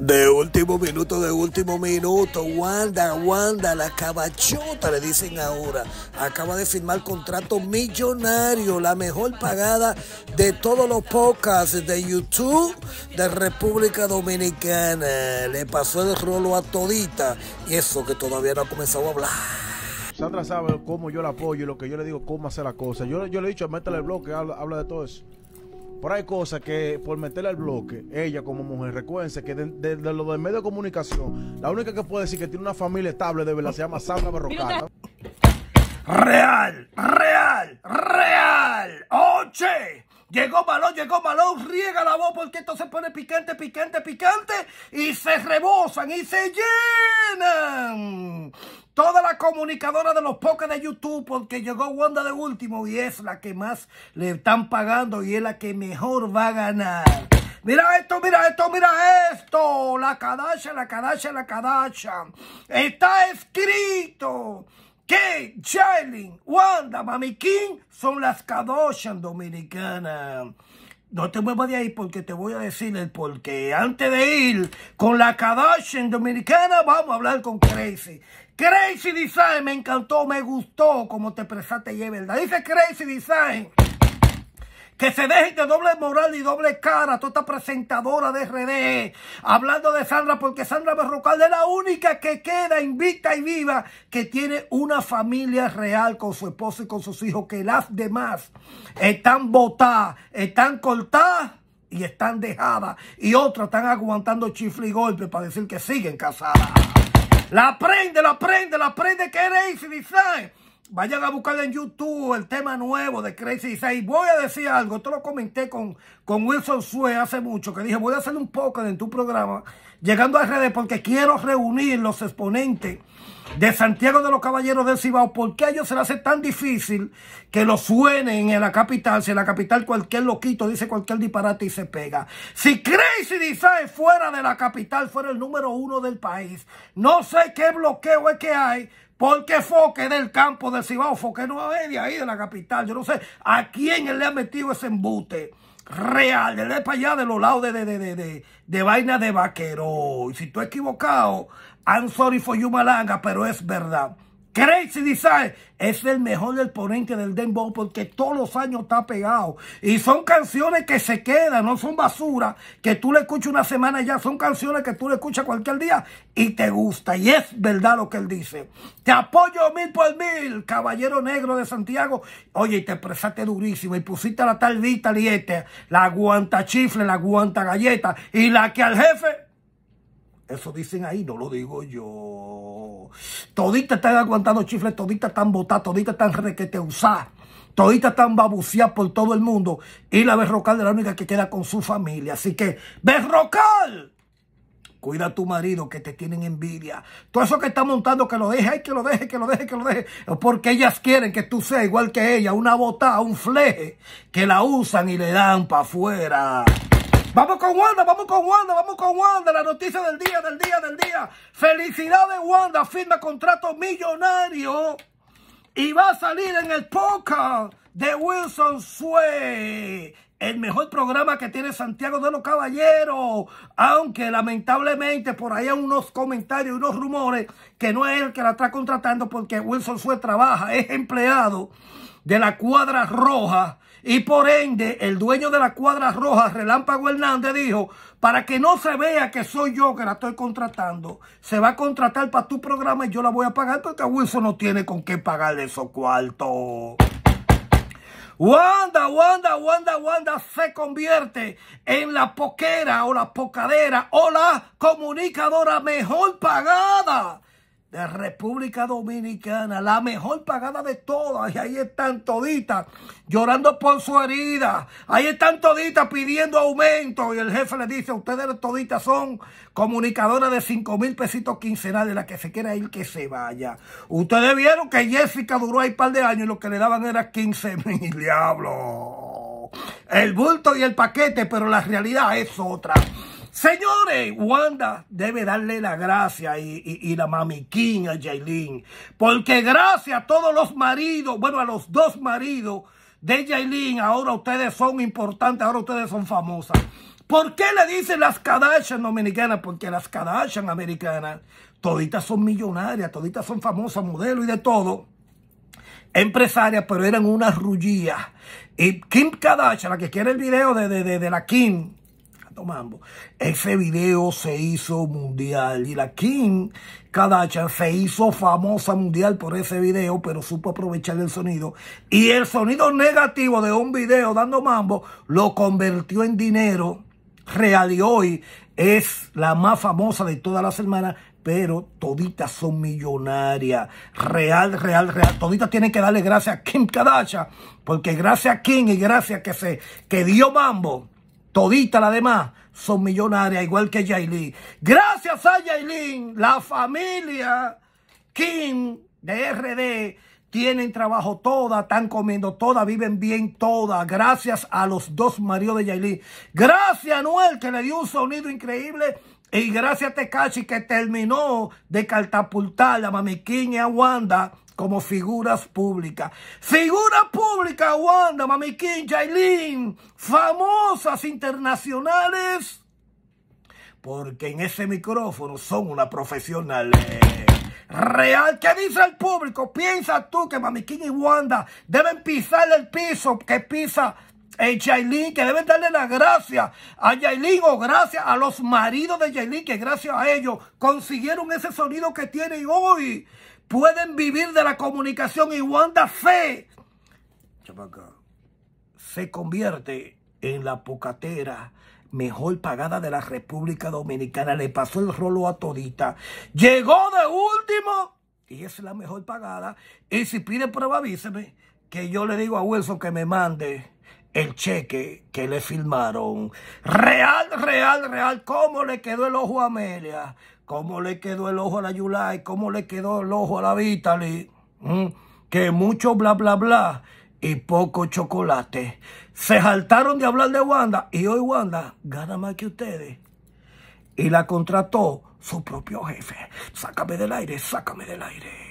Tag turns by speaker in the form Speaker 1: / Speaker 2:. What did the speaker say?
Speaker 1: De último minuto, de último minuto. Wanda, Wanda, la cabachota, le dicen ahora. Acaba de firmar contrato millonario, la mejor pagada de todos los podcasts de YouTube de República Dominicana. Le pasó el rolo a todita y eso que todavía no ha comenzado a hablar. Sandra sabe cómo yo la apoyo y lo que yo le digo, cómo hacer la cosa. Yo, yo le he dicho, métale el bloque, habla de todo eso. Pero hay cosas que, por meterle al bloque, ella como mujer, recuérdense que desde de, de medio de comunicación, la única que puede decir que tiene una familia estable de verdad se llama Sandra Berrocata. Real, real, real. Oche. Llegó Malón, llegó Malón, riega la voz porque esto se pone picante, picante, picante y se rebosan y se llenan. Toda la comunicadora de los pocos de YouTube, porque llegó Wanda de último y es la que más le están pagando y es la que mejor va a ganar. Mira esto, mira esto, mira esto. La cadacha, la cadacha, la cadacha. Está escrito Kate, Charlie, Wanda, Mami King son las Kadoshan dominicanas. No te muevas de ahí porque te voy a decir el porqué. Antes de ir con la Kadoshan dominicana, vamos a hablar con Crazy. Crazy Design me encantó, me gustó como te expresaste es ¿verdad? Dice Crazy Design que se dejen de doble moral y doble cara. Toda esta presentadora de RD. Hablando de Sandra, porque Sandra Berrocal es la única que queda invicta y viva. Que tiene una familia real con su esposo y con sus hijos. Que las demás están botadas, están cortadas y están dejadas. Y otras están aguantando chifle y golpes para decir que siguen casadas. La prende, la prende, la prende que eres y Vayan a buscar en YouTube el tema nuevo de Crazy 6. Voy a decir algo, esto lo comenté con, con Wilson Sue hace mucho, que dije, voy a hacer un poco en tu programa, llegando a redes, porque quiero reunir los exponentes de Santiago de los Caballeros del Cibao, ¿por qué a ellos se les hace tan difícil que lo suenen en la capital? Si en la capital cualquier loquito dice cualquier disparate y se pega. Si Crazy Design fuera de la capital, fuera el número uno del país, no sé qué bloqueo es que hay. Porque Foque del campo del Cibao, Foque no es de ahí, de la capital. Yo no sé a quién le ha metido ese embute real, de para allá de los lados de, de, de, de, vaina de vaquero. Y si tú equivocado, I'm sorry for you, malanga, pero es verdad. Crazy dice es el mejor ponente del Dembow porque todos los años está pegado. Y son canciones que se quedan, no son basura, que tú le escuchas una semana ya, son canciones que tú le escuchas cualquier día y te gusta. Y es verdad lo que él dice. Te apoyo mil por mil, caballero negro de Santiago. Oye, y te expresaste durísimo y pusiste la tal Liete, la aguanta chifle, la aguanta galleta y la que al jefe. Eso dicen ahí, no lo digo yo. Todita están aguantando chifles, todita están botadas, todita están requete usar. Todita están babuceadas por todo el mundo. Y la Berrocal es la única que queda con su familia. Así que, Berrocal, cuida a tu marido que te tienen envidia. Todo eso que está montando, que lo deje, que lo deje, que lo deje, que lo deje. Porque ellas quieren que tú seas igual que ella, una botada, un fleje, que la usan y le dan para afuera. Vamos con Wanda, vamos con Wanda, vamos con Wanda. La noticia del día, del día, del día. Felicidades, Wanda. Firma contrato millonario. Y va a salir en el podcast de Wilson Sue. El mejor programa que tiene Santiago de los Caballeros. Aunque lamentablemente por ahí hay unos comentarios, unos rumores que no es el que la está contratando porque Wilson Sue trabaja, es empleado de la cuadra roja y por ende el dueño de la cuadra roja, Relámpago Hernández, dijo, para que no se vea que soy yo que la estoy contratando, se va a contratar para tu programa y yo la voy a pagar porque Wilson no tiene con qué pagarle esos cuartos. Wanda, Wanda, Wanda, Wanda se convierte en la poquera o la pocadera o la comunicadora mejor pagada de República Dominicana, la mejor pagada de todas, y ahí están toditas llorando por su herida, ahí están toditas pidiendo aumento, y el jefe le dice, ustedes toditas son comunicadoras de 5 mil pesitos quincenales, la que se quiera ir que se vaya. Ustedes vieron que Jessica duró ahí un par de años y lo que le daban era 15 mil, diablo. El bulto y el paquete, pero la realidad es otra. Señores, Wanda debe darle la gracia y, la mamiquín a Jaylin, Porque gracias a todos los maridos, bueno, a los dos maridos de Jaylin, ahora ustedes son importantes, ahora ustedes son famosas. ¿Por qué le dicen las Kardashian dominicanas? Porque las Kardashian americanas, toditas son millonarias, toditas son famosas, modelo y de todo. Empresarias, pero eran unas rullía. Y Kim Kardashian, la que quiere el video de, de la Kim, mambo. Ese video se hizo mundial y la Kim Kardashian se hizo famosa mundial por ese video, pero supo aprovechar el sonido. Y el sonido negativo de un video dando mambo lo convirtió en dinero real y hoy es la más famosa de todas las hermanas pero toditas son millonarias. Real, real, real. Toditas tienen que darle gracias a Kim Kardashian, porque gracias a Kim y gracias que se que dio mambo, Todita la demás son millonarias, igual que Yailin. Gracias a Yailin, la familia Kim de RD tienen trabajo toda, están comiendo toda, viven bien toda. gracias a los dos maridos de Yailin. Gracias a Noel que le dio un sonido increíble y gracias a Tekashi que terminó de catapultar a Mamiquín y a Wanda como figuras públicas. Figuras públicas, Wanda, Mami King, famosas internacionales, porque en ese micrófono son una profesional eh, real. ¿Qué dice el público? Piensa tú que Mami y Wanda deben pisar el piso que pisa el eh, que deben darle la gracia a Yailin o gracias a los maridos de Yailin, que gracias a ellos consiguieron ese sonido que tienen hoy? pueden vivir de la comunicación y Wanda Fe se convierte en la pocatera mejor pagada de la República Dominicana. Le pasó el rolo a todita. Llegó de último y es la mejor pagada. Y si pide prueba, avíseme que yo le digo a Wilson que me mande el cheque que le firmaron. Real, real, real. ¿Cómo le quedó el ojo a Amelia? ¿Cómo le quedó el ojo a la Yulai? ¿Cómo le quedó el ojo a la Vitali? ¿Mm? Que mucho bla, bla, bla y poco chocolate. Se saltaron de hablar de Wanda y hoy Wanda gana más que ustedes. Y la contrató su propio jefe. Sácame del aire, sácame del aire.